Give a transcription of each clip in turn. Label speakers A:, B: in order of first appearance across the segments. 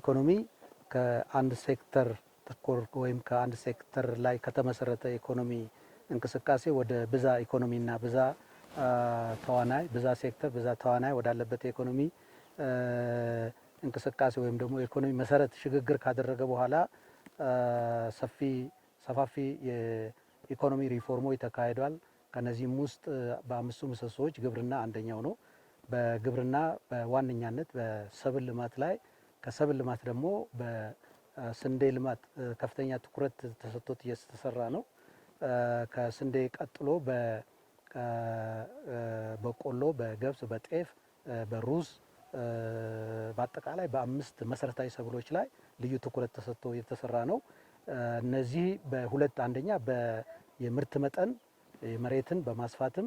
A: ኢኮኖሚ ከአንድ ሴክተር ተኮር ወይም ከአንድ ሴክተር ላይ ከተመሰረተ ኢኮኖሚ እንቅስቃሴ ወደ ብዛ ኢኮኖሚና ብዛ ተዋናይ ብዛ ሴክተር ብዛ ተዋናይ ወዳለበት የኢኮኖሚ እንቅስቃሴ ወይም ደግሞ የኢኮኖሚ መሰረት ሽግግር ካደረገ በኋላ ሰፊ ሰፋፊ የኢኮኖሚ ሪፎርሞች ተካሂዷል። ከነዚህም ውስጥ በአምስቱ ምሰሶዎች ግብርና አንደኛው ነው። በግብርና በዋነኛነት በሰብል ልማት ላይ ከሰብል ልማት ደግሞ በስንዴ ልማት ከፍተኛ ትኩረት ተሰጥቶት እየተሰራ ነው። ከስንዴ ቀጥሎ በቆሎ፣ በገብስ፣ በጤፍ፣ በሩዝ በአጠቃላይ በአምስት መሰረታዊ ሰብሎች ላይ ልዩ ትኩረት ተሰጥቶ የተሰራ ነው። እነዚህ በሁለት አንደኛ የምርት መጠን መሬትን በማስፋትም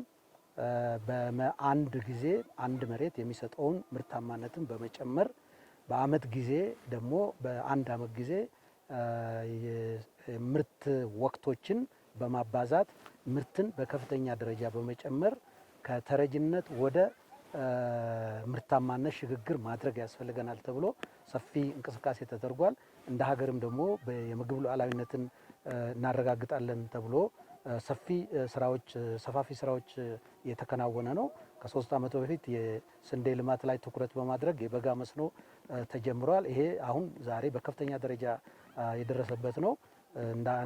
A: በአንድ ጊዜ አንድ መሬት የሚሰጠውን ምርታማነትን በመጨመር በአመት ጊዜ ደግሞ በአንድ አመት ጊዜ ምርት ወቅቶችን በማባዛት ምርትን በከፍተኛ ደረጃ በመጨመር ከተረጅነት ወደ ምርታማነት ሽግግር ማድረግ ያስፈልገናል ተብሎ ሰፊ እንቅስቃሴ ተደርጓል። እንደ ሀገርም ደግሞ የምግብ ሉዓላዊነትን እናረጋግጣለን ተብሎ ሰፊ ስራዎች ሰፋፊ ስራዎች የተከናወነ ነው። ከሶስት ዓመት በፊት የስንዴ ልማት ላይ ትኩረት በማድረግ የበጋ መስኖ ተጀምሯል። ይሄ አሁን ዛሬ በከፍተኛ ደረጃ የደረሰበት ነው።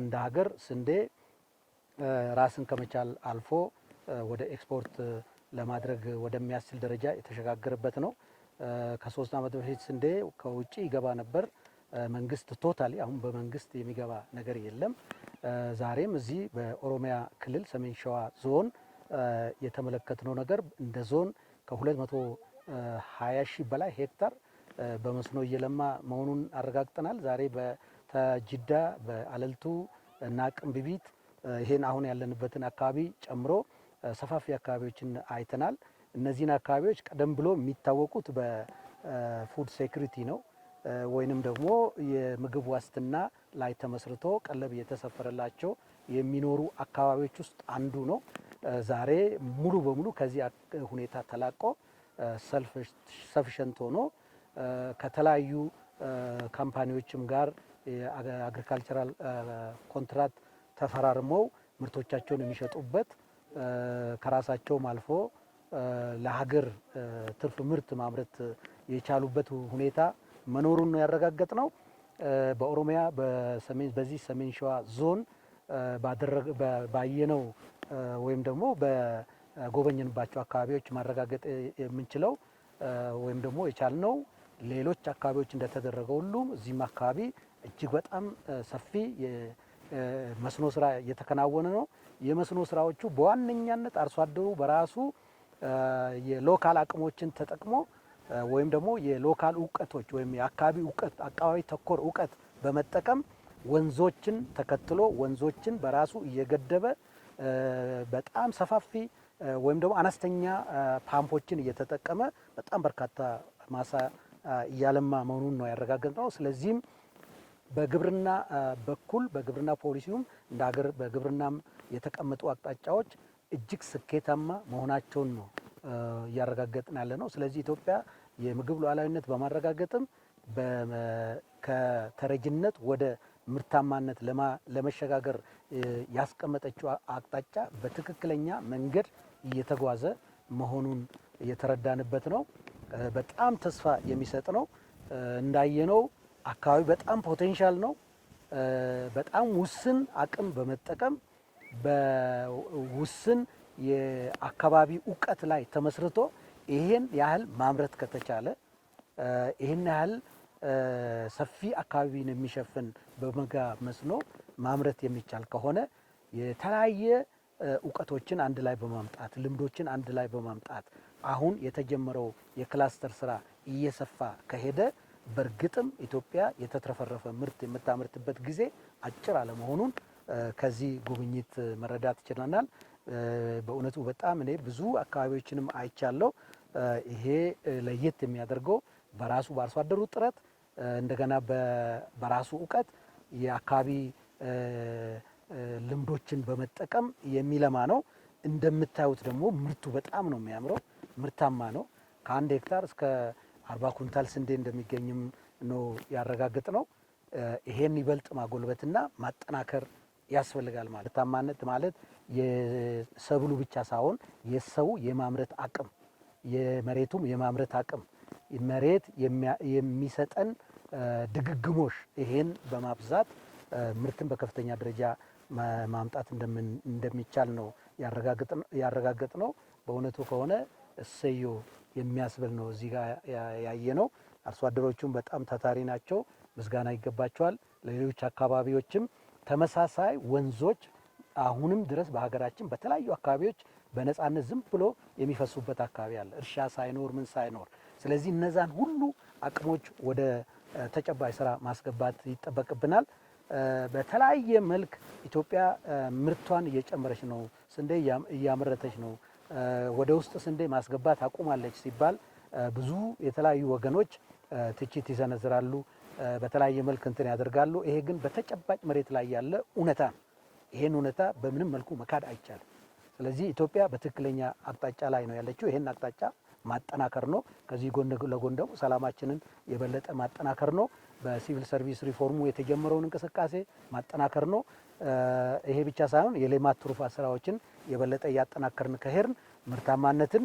A: እንደ ሀገር ስንዴ ራስን ከመቻል አልፎ ወደ ኤክስፖርት ለማድረግ ወደሚያስችል ደረጃ የተሸጋገረበት ነው። ከሶስት ዓመት በፊት ስንዴ ከውጭ ይገባ ነበር። መንግስት ቶታሊ አሁን በመንግስት የሚገባ ነገር የለም። ዛሬም እዚህ በኦሮሚያ ክልል ሰሜን ሸዋ ዞን የተመለከትነው ነገር እንደ ዞን ከ220 ሺህ በላይ ሄክታር በመስኖ እየለማ መሆኑን አረጋግጠናል። ዛሬ በተጅዳ በአለልቱ እና ቅንብቢት ይሄን አሁን ያለንበትን አካባቢ ጨምሮ ሰፋፊ አካባቢዎችን አይተናል። እነዚህን አካባቢዎች ቀደም ብሎ የሚታወቁት በፉድ ሴኩሪቲ ነው ወይንም ደግሞ የምግብ ዋስትና ላይ ተመስርቶ ቀለብ የተሰፈረላቸው የሚኖሩ አካባቢዎች ውስጥ አንዱ ነው። ዛሬ ሙሉ በሙሉ ከዚህ ሁኔታ ተላቆ ሰፊሸንት ሆኖ ከተለያዩ ካምፓኒዎችም ጋር የአግሪካልቸራል ኮንትራት ተፈራርመው ምርቶቻቸውን የሚሸጡበት ከራሳቸውም አልፎ ለሀገር ትርፍ ምርት ማምረት የቻሉበት ሁኔታ መኖሩን ያረጋገጥ ነው። በኦሮሚያ በዚህ ሰሜን ሸዋ ዞን ባየነው ወይም ደግሞ በጎበኝንባቸው አካባቢዎች ማረጋገጥ የምንችለው ወይም ደግሞ የቻልነው ሌሎች አካባቢዎች እንደተደረገ ሁሉ እዚህም አካባቢ እጅግ በጣም ሰፊ የመስኖ ስራ እየተከናወነ ነው። የመስኖ ስራዎቹ በዋነኛነት አርሶ አደሩ በራሱ የሎካል አቅሞችን ተጠቅሞ ወይም ደግሞ የሎካል እውቀቶች ወይም የአካባቢ እውቀት አካባቢ ተኮር እውቀት በመጠቀም ወንዞችን ተከትሎ ወንዞችን በራሱ እየገደበ በጣም ሰፋፊ ወይም ደግሞ አነስተኛ ፓምፖችን እየተጠቀመ በጣም በርካታ ማሳ እያለማ መሆኑን ነው ያረጋገጥ ነው። ስለዚህም በግብርና በኩል በግብርና ፖሊሲውም እንደ ሀገር በግብርናም የተቀመጡ አቅጣጫዎች እጅግ ስኬታማ መሆናቸውን ነው እያረጋገጥን ያለ ነው። ስለዚህ ኢትዮጵያ የምግብ ሉዓላዊነት በማረጋገጥም ከተረጅነት ወደ ምርታማነት ለመሸጋገር ያስቀመጠችው አቅጣጫ በትክክለኛ መንገድ እየተጓዘ መሆኑን የተረዳንበት ነው። በጣም ተስፋ የሚሰጥ ነው። እንዳየነው አካባቢ በጣም ፖቴንሻል ነው። በጣም ውስን አቅም በመጠቀም በውስን የአካባቢ እውቀት ላይ ተመስርቶ ይሄን ያህል ማምረት ከተቻለ ይህን ያህል ሰፊ አካባቢን የሚሸፍን በመጋ መስኖ ማምረት የሚቻል ከሆነ የተለያየ እውቀቶችን አንድ ላይ በማምጣት ልምዶችን አንድ ላይ በማምጣት አሁን የተጀመረው የክላስተር ስራ እየሰፋ ከሄደ በእርግጥም ኢትዮጵያ የተትረፈረፈ ምርት የምታመርትበት ጊዜ አጭር አለመሆኑን ከዚህ ጉብኝት መረዳት ችለናል። በእውነቱ በጣም እኔ ብዙ አካባቢዎችንም አይቻለው ይሄ ለየት የሚያደርገው በራሱ በአርሶ አደሩ ጥረት እንደገና በራሱ እውቀት የአካባቢ ልምዶችን በመጠቀም የሚለማ ነው። እንደምታዩት ደግሞ ምርቱ በጣም ነው የሚያምረው፣ ምርታማ ነው። ከአንድ ሄክታር እስከ አርባ ኩንታል ስንዴ እንደሚገኝም ነው ያረጋግጥ ነው። ይሄን ይበልጥ ማጎልበትና ማጠናከር ያስፈልጋል። ማለት ምርታማነት ማለት የሰብሉ ብቻ ሳይሆን የሰው የማምረት አቅም የመሬቱም የማምረት አቅም መሬት የሚሰጠን ድግግሞሽ ይሄን በማብዛት ምርትን በከፍተኛ ደረጃ ማምጣት እንደሚቻል ነው ያረጋገጥ ነው። በእውነቱ ከሆነ እሰዮ የሚያስብል ነው እዚህ ጋር ያየ ነው። አርሶ አደሮቹም በጣም ታታሪ ናቸው፣ ምስጋና ይገባቸዋል። ለሌሎች አካባቢዎችም ተመሳሳይ ወንዞች አሁንም ድረስ በሀገራችን በተለያዩ አካባቢዎች በነፃነት ዝም ብሎ የሚፈሱበት አካባቢ አለ፣ እርሻ ሳይኖር ምን ሳይኖር። ስለዚህ እነዛን ሁሉ አቅሞች ወደ ተጨባጭ ስራ ማስገባት ይጠበቅብናል። በተለያየ መልክ ኢትዮጵያ ምርቷን እየጨመረች ነው፣ ስንዴ እያመረተች ነው። ወደ ውስጥ ስንዴ ማስገባት አቁማለች ሲባል ብዙ የተለያዩ ወገኖች ትችት ይሰነዝራሉ፣ በተለያየ መልክ እንትን ያደርጋሉ። ይሄ ግን በተጨባጭ መሬት ላይ ያለ እውነታ ነው። ይሄን እውነታ በምንም መልኩ መካድ አይቻልም። ስለዚህ ኢትዮጵያ በትክክለኛ አቅጣጫ ላይ ነው ያለችው። ይሄን አቅጣጫ ማጠናከር ነው። ከዚህ ጎን ለጎን ደግሞ ሰላማችንን የበለጠ ማጠናከር ነው። በሲቪል ሰርቪስ ሪፎርሙ የተጀመረውን እንቅስቃሴ ማጠናከር ነው። ይሄ ብቻ ሳይሆን የሌማት ትሩፋት ስራዎችን የበለጠ እያጠናከርን ከሄርን ምርታማነትን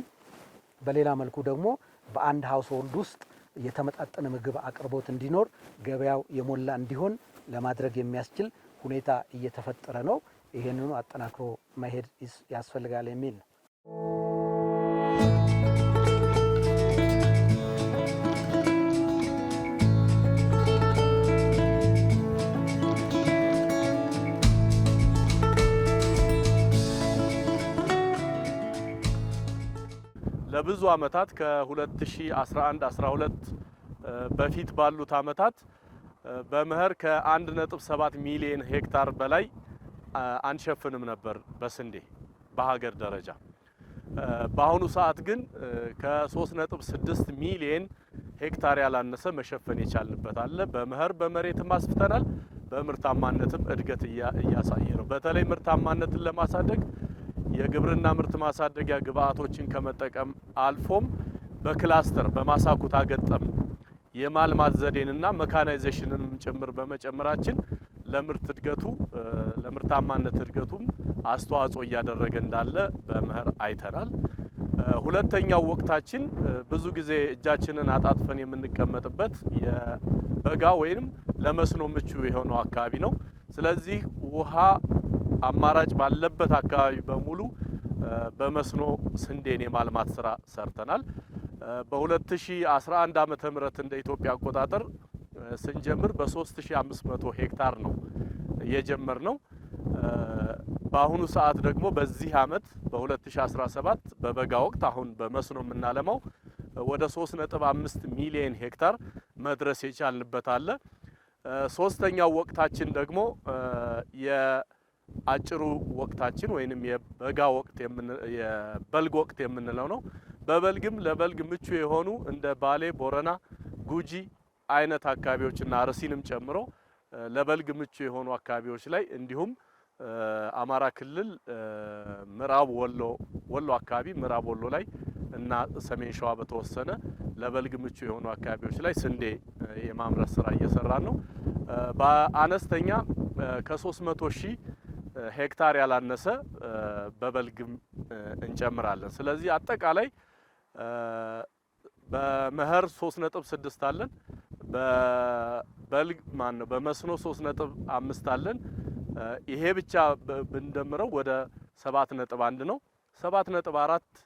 A: በሌላ መልኩ ደግሞ በአንድ ሀውስሆልድ ውስጥ የተመጣጠነ ምግብ አቅርቦት እንዲኖር ገበያው የሞላ እንዲሆን ለማድረግ የሚያስችል ሁኔታ እየተፈጠረ ነው። ይህንኑ አጠናክሮ መሄድ ያስፈልጋል የሚል ነው።
B: ለብዙ አመታት ከ2011 12 በፊት ባሉት አመታት በመኸር ከ1.7 ሚሊዮን ሄክታር በላይ አንሸፍንም ነበር በስንዴ በሀገር ደረጃ። በአሁኑ ሰዓት ግን ከ3.6 ሚሊዮን ሄክታር ያላነሰ መሸፈን የቻልንበት አለ። በመኸር በመሬትም አስፍተናል። በምርታማነትም እድገት እያሳየ ነው። በተለይ ምርታማነትን ለማሳደግ የግብርና ምርት ማሳደጊያ ግብአቶችን ከመጠቀም አልፎም በክላስተር በማሳ ኩታ ገጠም የማልማት ዘዴንና መካናይዜሽንን ጭምር በመጨመራችን ለምርት እድገቱ ለምርታማነት እድገቱም አስተዋጽኦ እያደረገ እንዳለ በመኸር አይተናል። ሁለተኛው ወቅታችን ብዙ ጊዜ እጃችንን አጣጥፈን የምንቀመጥበት የበጋ ወይም ለመስኖ ምቹ የሆነው አካባቢ ነው። ስለዚህ ውሃ አማራጭ ባለበት አካባቢ በሙሉ በመስኖ ስንዴን የማልማት ስራ ሰርተናል። በ2011 ዓ.ም እንደ ኢትዮጵያ አቆጣጠር ስንጀምር በ3500 ሄክታር ነው የጀመር ነው። በአሁኑ ሰዓት ደግሞ በዚህ አመት በ2017 በበጋ ወቅት አሁን በመስኖ የምናለማው ወደ 3.5 ሚሊዮን ሄክታር መድረስ የቻልንበት አለ። ሶስተኛው ወቅታችን ደግሞ አጭሩ ወቅታችን ወይንም የበጋ ወቅት የበልግ ወቅት የምንለው ነው። በበልግም ለበልግ ምቹ የሆኑ እንደ ባሌ፣ ቦረና፣ ጉጂ አይነት አካባቢዎችና አርሲንም ጨምሮ ለበልግ ምቹ የሆኑ አካባቢዎች ላይ እንዲሁም አማራ ክልል ምዕራብ ወሎ ወሎ አካባቢ ምዕራብ ወሎ ላይ እና ሰሜን ሸዋ በተወሰነ ለበልግ ምቹ የሆኑ አካባቢዎች ላይ ስንዴ የማምረት ስራ እየሰራ ነው። በአነስተኛ ከ300 ሺህ ሄክታር ያላነሰ በበልግም እንጨምራለን። ስለዚህ አጠቃላይ በመኸር 3.6 አለን፣ በበልግ ማን ነው በመስኖ 3.5 አለን። ይሄ ብቻ ብንደምረው ወደ 7.1 ነው። 7.4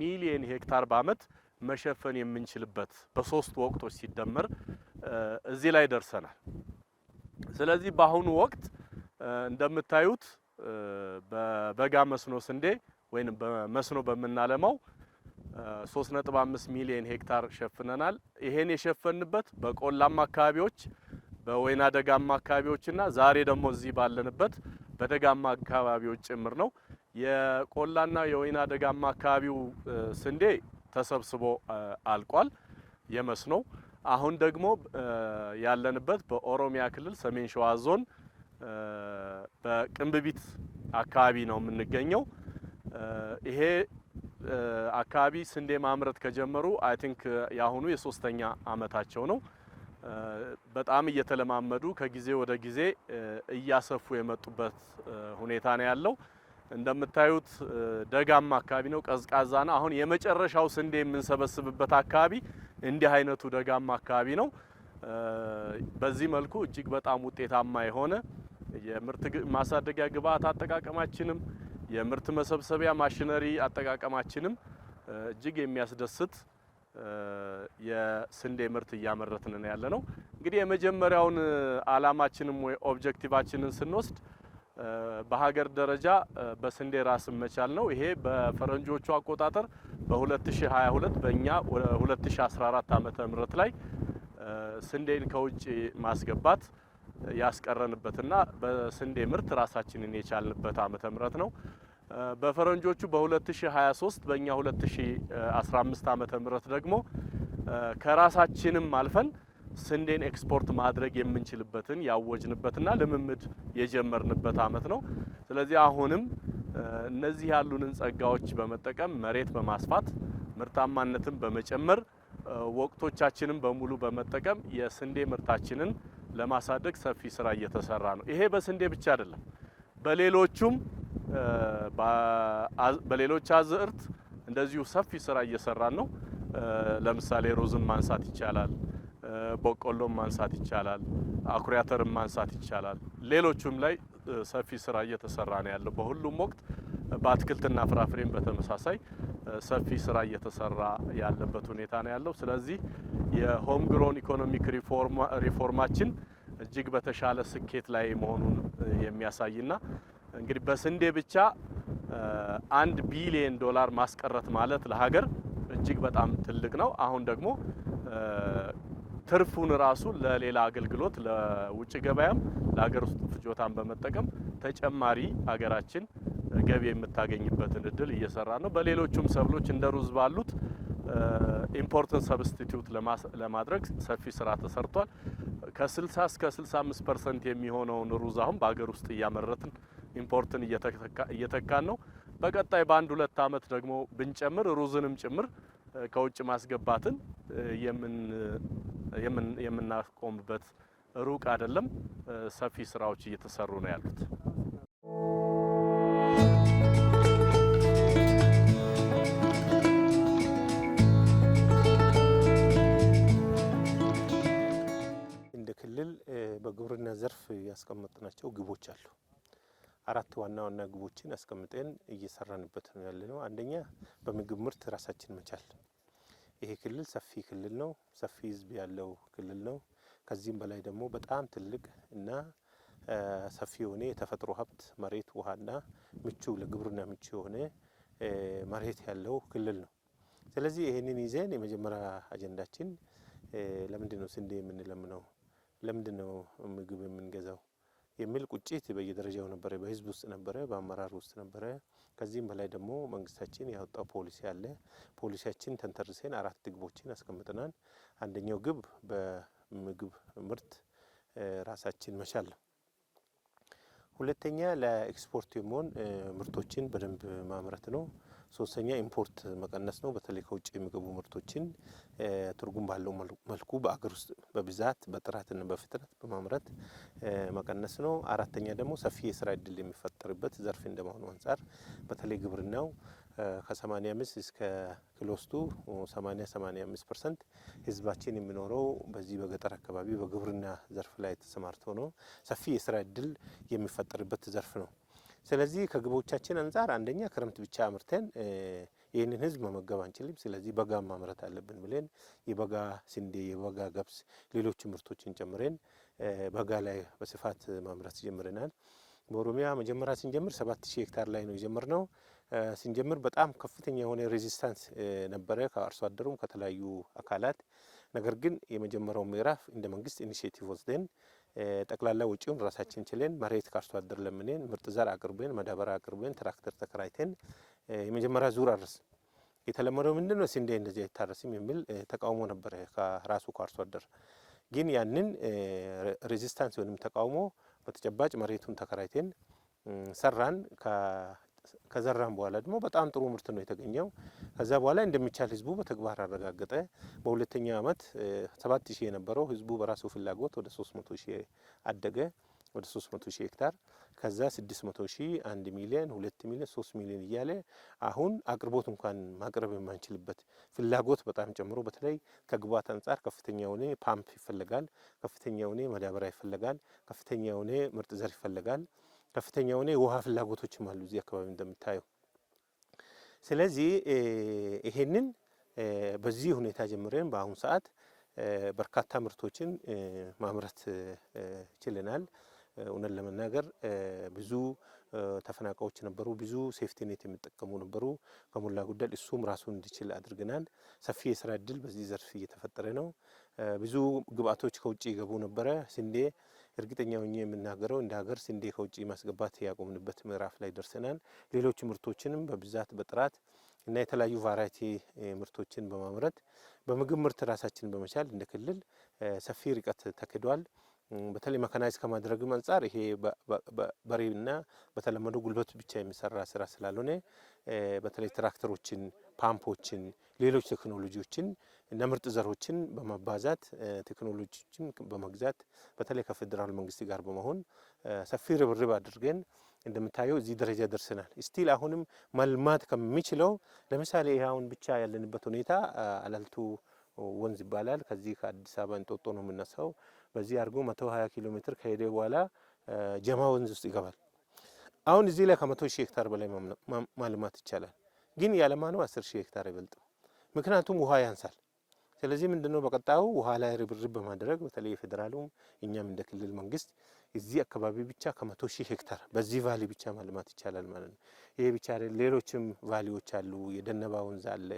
B: ሚሊየን ሄክታር በአመት መሸፈን የምንችልበት በሶስት ወቅቶች ሲደመር እዚህ ላይ ደርሰናል። ስለዚህ በአሁኑ ወቅት እንደምታዩት በበጋ መስኖ ስንዴ ወይም በመስኖ በምናለማው 3.5 ሚሊዮን ሄክታር ሸፍነናል። ይሄን የሸፈንበት በቆላማ አካባቢዎች በወይና ደጋማ አካባቢዎችና ዛሬ ደግሞ እዚህ ባለንበት በደጋማ አካባቢዎች ጭምር ነው። የቆላና የወይና ደጋማ አካባቢው ስንዴ ተሰብስቦ አልቋል። የመስኖ አሁን ደግሞ ያለንበት በኦሮሚያ ክልል ሰሜን ሸዋ ዞን በቅንብቢት አካባቢ ነው የምንገኘው። ይሄ አካባቢ ስንዴ ማምረት ከጀመሩ አይ ቲንክ የአሁኑ የሶስተኛ አመታቸው ነው። በጣም እየተለማመዱ ከጊዜ ወደ ጊዜ እያሰፉ የመጡበት ሁኔታ ነው ያለው። እንደምታዩት ደጋማ አካባቢ ነው፣ ቀዝቃዛ ነው። አሁን የመጨረሻው ስንዴ የምንሰበስብበት አካባቢ እንዲህ አይነቱ ደጋማ አካባቢ ነው። በዚህ መልኩ እጅግ በጣም ውጤታማ የሆነ የምርት ማሳደጊያ ግብአት አጠቃቀማችንም የምርት መሰብሰቢያ ማሽነሪ አጠቃቀማችንም እጅግ የሚያስደስት የስንዴ ምርት እያመረትን ነው ያለ ነው። እንግዲህ የመጀመሪያውን አላማችንም ወይ ኦብጀክቲቫችንን ስንወስድ በሀገር ደረጃ በስንዴ ራስ መቻል ነው። ይሄ በፈረንጆቹ አቆጣጠር በ2022 በእኛ 2014 ዓ ም ላይ ስንዴን ከውጭ ማስገባት ያስቀረንበትና በስንዴ ምርት ራሳችንን የቻልንበት ዓመተ ምህረት ነው። በፈረንጆቹ በ2023 በእኛ 2015 ዓመተ ምህረት ደግሞ ከራሳችንም አልፈን ስንዴን ኤክስፖርት ማድረግ የምንችልበትን ያወጅንበትና ልምምድ የጀመርንበት ዓመት ነው። ስለዚህ አሁንም እነዚህ ያሉንን ጸጋዎች በመጠቀም መሬት በማስፋት ምርታማነትን በመጨመር ወቅቶቻችንን በሙሉ በመጠቀም የስንዴ ምርታችንን ለማሳደግ ሰፊ ስራ እየተሰራ ነው። ይሄ በስንዴ ብቻ አይደለም፣ በሌሎቹም በሌሎች አዝእርት እንደዚሁ ሰፊ ስራ እየሰራን ነው። ለምሳሌ ሩዝን ማንሳት ይቻላል፣ በቆሎም ማንሳት ይቻላል፣ አኩሪ አተርን ማንሳት ይቻላል። ሌሎቹም ላይ ሰፊ ስራ እየተሰራ ነው ያለው በሁሉም ወቅት በአትክልትና ፍራፍሬም በተመሳሳይ ሰፊ ስራ እየተሰራ ያለበት ሁኔታ ነው ያለው። ስለዚህ የሆም ግሮን ኢኮኖሚክ ሪፎርማችን እጅግ በተሻለ ስኬት ላይ መሆኑን የሚያሳይና እንግዲህ በስንዴ ብቻ አንድ ቢሊየን ዶላር ማስቀረት ማለት ለሀገር እጅግ በጣም ትልቅ ነው። አሁን ደግሞ ትርፉን ራሱ ለሌላ አገልግሎት ለውጭ ገበያም ለሀገር ውስጥ ፍጆታን በመጠቀም ተጨማሪ ሀገራችን ገቢ የምታገኝበትን እድል እየሰራ ነው። በሌሎቹም ሰብሎች እንደ ሩዝ ባሉት ኢምፖርትን ሰብስቲቲዩት ለማድረግ ሰፊ ስራ ተሰርቷል። ከ60 እስከ 65 ፐርሰንት የሚሆነውን ሩዝ አሁን በሀገር ውስጥ እያመረትን ኢምፖርትን እየተካን ነው። በቀጣይ በአንድ ሁለት አመት ደግሞ ብንጨምር ሩዝንም ጭምር ከውጭ ማስገባትን የምናቆምበት ሩቅ አይደለም። ሰፊ ስራዎች እየተሰሩ ነው ያሉት።
C: በግብርና ዘርፍ ያስቀመጥናቸው ግቦች አሉ። አራት ዋና ዋና ግቦችን አስቀምጠን እየሰራንበት ነው ያለ ነው። አንደኛ በምግብ ምርት ራሳችን መቻል። ይሄ ክልል ሰፊ ክልል ነው፣ ሰፊ ህዝብ ያለው ክልል ነው። ከዚህም በላይ ደግሞ በጣም ትልቅ እና ሰፊ የሆነ የተፈጥሮ ሀብት መሬት፣ ውሃና ምቹ ለግብርና ምቹ የሆነ መሬት ያለው ክልል ነው። ስለዚህ ይህንን ይዘን የመጀመሪያ አጀንዳችን ለምንድን ነው ስንዴ የምንለምነው? ለምንድን ነው ምግብ የምንገዛው የሚል ቁጭት በየደረጃው ነበረ። በህዝብ ውስጥ ነበረ፣ በአመራር ውስጥ ነበረ። ከዚህም በላይ ደግሞ መንግስታችን ያወጣው ፖሊሲ አለ። ፖሊሲያችን ተንተርሰን አራት ግቦችን አስቀምጠናል። አንደኛው ግብ በምግብ ምርት ራሳችን መቻል ነው። ሁለተኛ ለኤክስፖርት የሚሆን ምርቶችን በደንብ ማምረት ነው። ሶስተኛ ኢምፖርት መቀነስ ነው። በተለይ ከውጭ የሚገቡ ምርቶችን ትርጉም ባለው መልኩ በአገር ውስጥ በብዛት በጥራትና በፍጥነት በማምረት መቀነስ ነው። አራተኛ ደግሞ ሰፊ የስራ እድል የሚፈጠርበት ዘርፍ እንደመሆኑ አንጻር በተለይ ግብርናው ከ85 እስከ ክሎስቱ 80 85 ፐርሰንት ህዝባችን የሚኖረው በዚህ በገጠር አካባቢ በግብርና ዘርፍ ላይ ተሰማርቶ ነው። ሰፊ የስራ እድል የሚፈጠርበት ዘርፍ ነው። ስለዚህ ከግቦቻችን አንጻር አንደኛ ክረምት ብቻ አምርተን ይህንን ህዝብ መመገብ አንችልም። ስለዚህ በጋ ማምረት አለብን ብለን የበጋ ስንዴ፣ የበጋ ገብስ፣ ሌሎች ምርቶችን ጨምረን በጋ ላይ በስፋት ማምረት ጀምረናል። በኦሮሚያ መጀመሪያ ስንጀምር ሰባት ሺህ ሄክታር ላይ ነው የጀመርነው። ስንጀምር በጣም ከፍተኛ የሆነ ሬዚስታንስ ነበረ ከአርሶ አደሩም ከተለያዩ አካላት። ነገር ግን የመጀመሪያው ምዕራፍ እንደ መንግስት ኢኒሽቲቭ ወስደን ጠቅላላ ውጪውን ራሳችን ችለን መሬት ከአርሶ አደር ምርጥ ዘር አቅርበን መዳበሪያ አቅርበን ትራክተር ተከራይተን የመጀመሪያ ዙር አረስን። የተለመደው ምንድን ነው ስንዴ እንደዚህ አይታረስም የሚል ተቃውሞ ነበረ ከራሱ ከአርሶ አደር። ግን ያንን ሬዚስታንስ ወይም ተቃውሞ በተጨባጭ መሬቱን ተከራይተን ሰራን። ከዘራም በኋላ ደግሞ በጣም ጥሩ ምርት ነው የተገኘው። ከዛ በኋላ እንደሚቻል ህዝቡ በተግባር አረጋገጠ። በሁለተኛ ዓመት ሰባት ሺህ የነበረው ህዝቡ በራሱ ፍላጎት ወደ ሶስት መቶ ሺህ አደገ ወደ 300 ሺህ ሄክታር ከዛ 600 ሺህ 1 ሚሊዮን 2 ሚሊዮን 3 ሚሊዮን እያለ አሁን አቅርቦት እንኳን ማቅረብ የማንችልበት ፍላጎት በጣም ጨምሮ፣ በተለይ ከግብዓት አንጻር ከፍተኛ የሆነ ፓምፕ ይፈለጋል፣ ከፍተኛ የሆነ መዳበሪያ ይፈለጋል፣ ከፍተኛ የሆነ ምርጥ ዘር ይፈለጋል። ከፍተኛ የሆነ የውሃ ፍላጎቶችም አሉ እዚህ አካባቢ እንደምታየው። ስለዚህ ይሄንን በዚህ ሁኔታ ጀምረን በአሁኑ ሰዓት በርካታ ምርቶችን ማምረት ችለናል። እውነት ለመናገር ብዙ ተፈናቃዮች ነበሩ፣ ብዙ ሴፍቲ ኔት የሚጠቀሙ ነበሩ። ከሞላ ጎደል እሱም ራሱን እንዲችል አድርገናል። ሰፊ የስራ እድል በዚህ ዘርፍ እየተፈጠረ ነው። ብዙ ግብአቶች ከውጭ ይገቡ ነበረ ስንዴ እርግጠኛ ሆኜ የምናገረው እንደ ሀገር ስንዴ ከውጭ ማስገባት ያቆምንበት ምዕራፍ ላይ ደርሰናል። ሌሎች ምርቶችንም በብዛት በጥራት እና የተለያዩ ቫራይቲ ምርቶችን በማምረት በምግብ ምርት ራሳችን በመቻል እንደ ክልል ሰፊ ርቀት ተክዷል። በተለይ መካናይዝ ከማድረግም አንጻር ይሄ በሬና በተለመደው ጉልበቱ ብቻ የሚሰራ ስራ ስላልሆነ በተለይ ትራክተሮችን፣ ፓምፖችን፣ ሌሎች ቴክኖሎጂዎችን እና ምርጥ ዘሮችን በመባዛት ቴክኖሎጂዎችን በመግዛት በተለይ ከፌዴራል መንግስት ጋር በመሆን ሰፊ ርብርብ አድርገን እንደምታየው እዚህ ደረጃ ደርሰናል። ስቲል አሁንም መልማት ከሚችለው ለምሳሌ ይህ አሁን ብቻ ያለንበት ሁኔታ አላልቱ ወንዝ ይባላል። ከዚህ ከአዲስ አበባ እንጦጦ ነው የምነሳው። በዚህ አድርጎ መቶ ሀያ ኪሎ ሜትር ከሄደ በኋላ ጀማ ወንዝ ውስጥ ይገባል። አሁን እዚህ ላይ ከመቶ ሺህ ሄክታር በላይ ማልማት ይቻላል። ግን ያለማ ነው አስር ሺህ ሄክታር አይበልጥም። ምክንያቱም ውሃ ያንሳል። ስለዚህ ምንድነው በቀጣዩ ውሃ ላይ ርብርብ በማድረግ በተለይ የፌዴራሉ እኛም እንደ ክልል መንግስት እዚህ አካባቢ ብቻ ከመቶ ሺህ ሄክታር በዚህ ቫሊ ብቻ ማልማት ይቻላል ማለት ነው። ይሄ ብቻ ሌሎችም ቫሊዎች አሉ። የደነባ ወንዝ አለ፣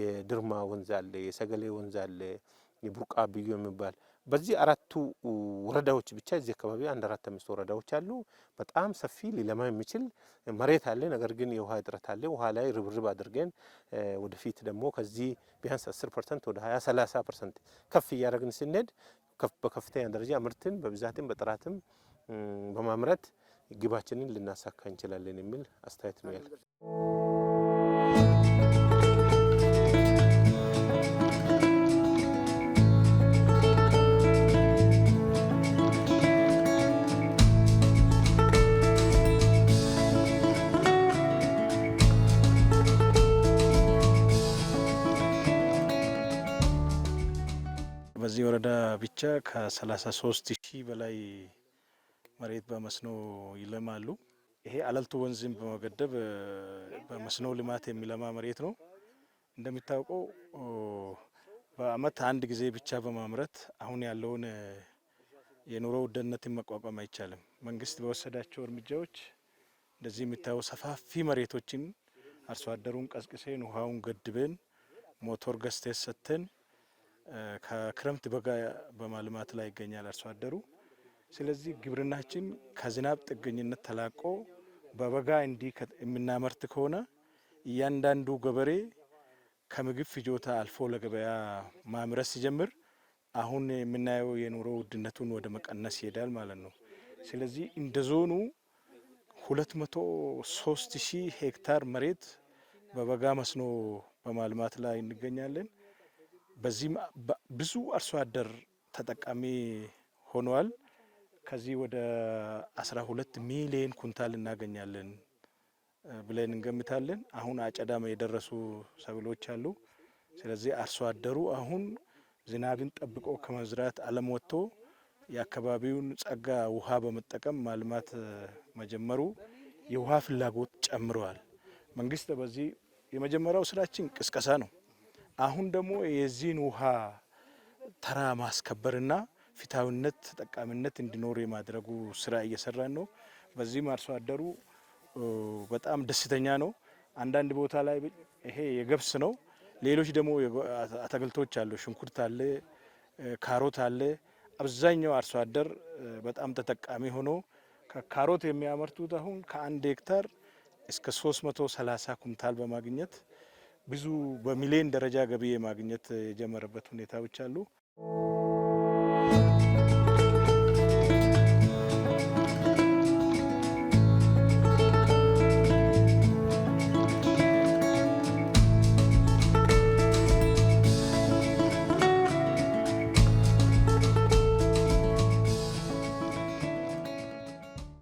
C: የድርማ ወንዝ አለ፣ የሰገሌ ወንዝ አለ፣ የቡርቃ ብዩ የሚባል በዚህ አራቱ ወረዳዎች ብቻ እዚህ አካባቢ አንድ አራት አምስት ወረዳዎች አሉ። በጣም ሰፊ ሊለማ የሚችል መሬት አለ። ነገር ግን የውሃ እጥረት አለ። ውሃ ላይ ርብርብ አድርገን ወደፊት ደግሞ ከዚህ ቢያንስ 10 ፐርሰንት ወደ 20 30 ፐርሰንት ከፍ እያደረግን ስንሄድ በከፍተኛ ደረጃ ምርትን በብዛትም በጥራትም በማምረት ግባችንን ልናሳካ እንችላለን የሚል አስተያየት ነው ያለ
D: ወረዳ ብቻ ከ33 ሺህ በላይ መሬት በመስኖ ይለማሉ። ይሄ አለልቱ ወንዝን በመገደብ በመስኖ ልማት የሚለማ መሬት ነው። እንደሚታወቀው በአመት አንድ ጊዜ ብቻ በማምረት አሁን ያለውን የኑሮ ውድነትን መቋቋም አይቻልም። መንግስት በወሰዳቸው እርምጃዎች እንደዚህ የሚታየው ሰፋፊ መሬቶችን አርሶ አደሩን ቀስቅሴን ውሃውን ገድበን ሞቶር ገዝተን ሰጥተን ከክረምት በጋ በማልማት ላይ ይገኛል አርሶ አደሩ። ስለዚህ ግብርናችን ከዝናብ ጥገኝነት ተላቆ በበጋ እንዲህ የምናመርት ከሆነ እያንዳንዱ ገበሬ ከምግብ ፍጆታ አልፎ ለገበያ ማምረት ሲጀምር አሁን የምናየው የኑሮ ውድነቱን ወደ መቀነስ ይሄዳል ማለት ነው። ስለዚህ እንደ ዞኑ ሶስት ሺህ ሄክታር መሬት በበጋ መስኖ በማልማት ላይ እንገኛለን። በዚህም ብዙ አርሶ አደር ተጠቃሚ ሆኗል። ከዚህ ወደ 12 ሚሊዮን ኩንታል እናገኛለን ብለን እንገምታለን። አሁን አጨዳም የደረሱ ሰብሎች አሉ። ስለዚህ አርሶ አደሩ አሁን ዝናብን ጠብቆ ከመዝራት አለም ወጥቶ የአካባቢውን ጸጋ ውሃ በመጠቀም ማልማት መጀመሩ የውሃ ፍላጎት ጨምረዋል። መንግስት በዚህ የመጀመሪያው ስራችን ቅስቀሳ ነው። አሁን ደግሞ የዚህን ውሃ ተራ ማስከበርና ፊታዊነት ተጠቃሚነት እንዲኖር የማድረጉ ስራ እየሰራን ነው። በዚህም አርሶ አደሩ በጣም ደስተኛ ነው። አንዳንድ ቦታ ላይ ይሄ የገብስ ነው። ሌሎች ደግሞ አትክልቶች አሉ። ሽንኩርት አለ፣ ካሮት አለ። አብዛኛው አርሶ አደር በጣም ተጠቃሚ ሆኖ ካሮት የሚያመርቱት አሁን ከአንድ ሄክታር እስከ 330 ኩንታል በማግኘት ብዙ በሚሊዮን ደረጃ ገቢ ማግኘት የጀመረበት ሁኔታዎች አሉ።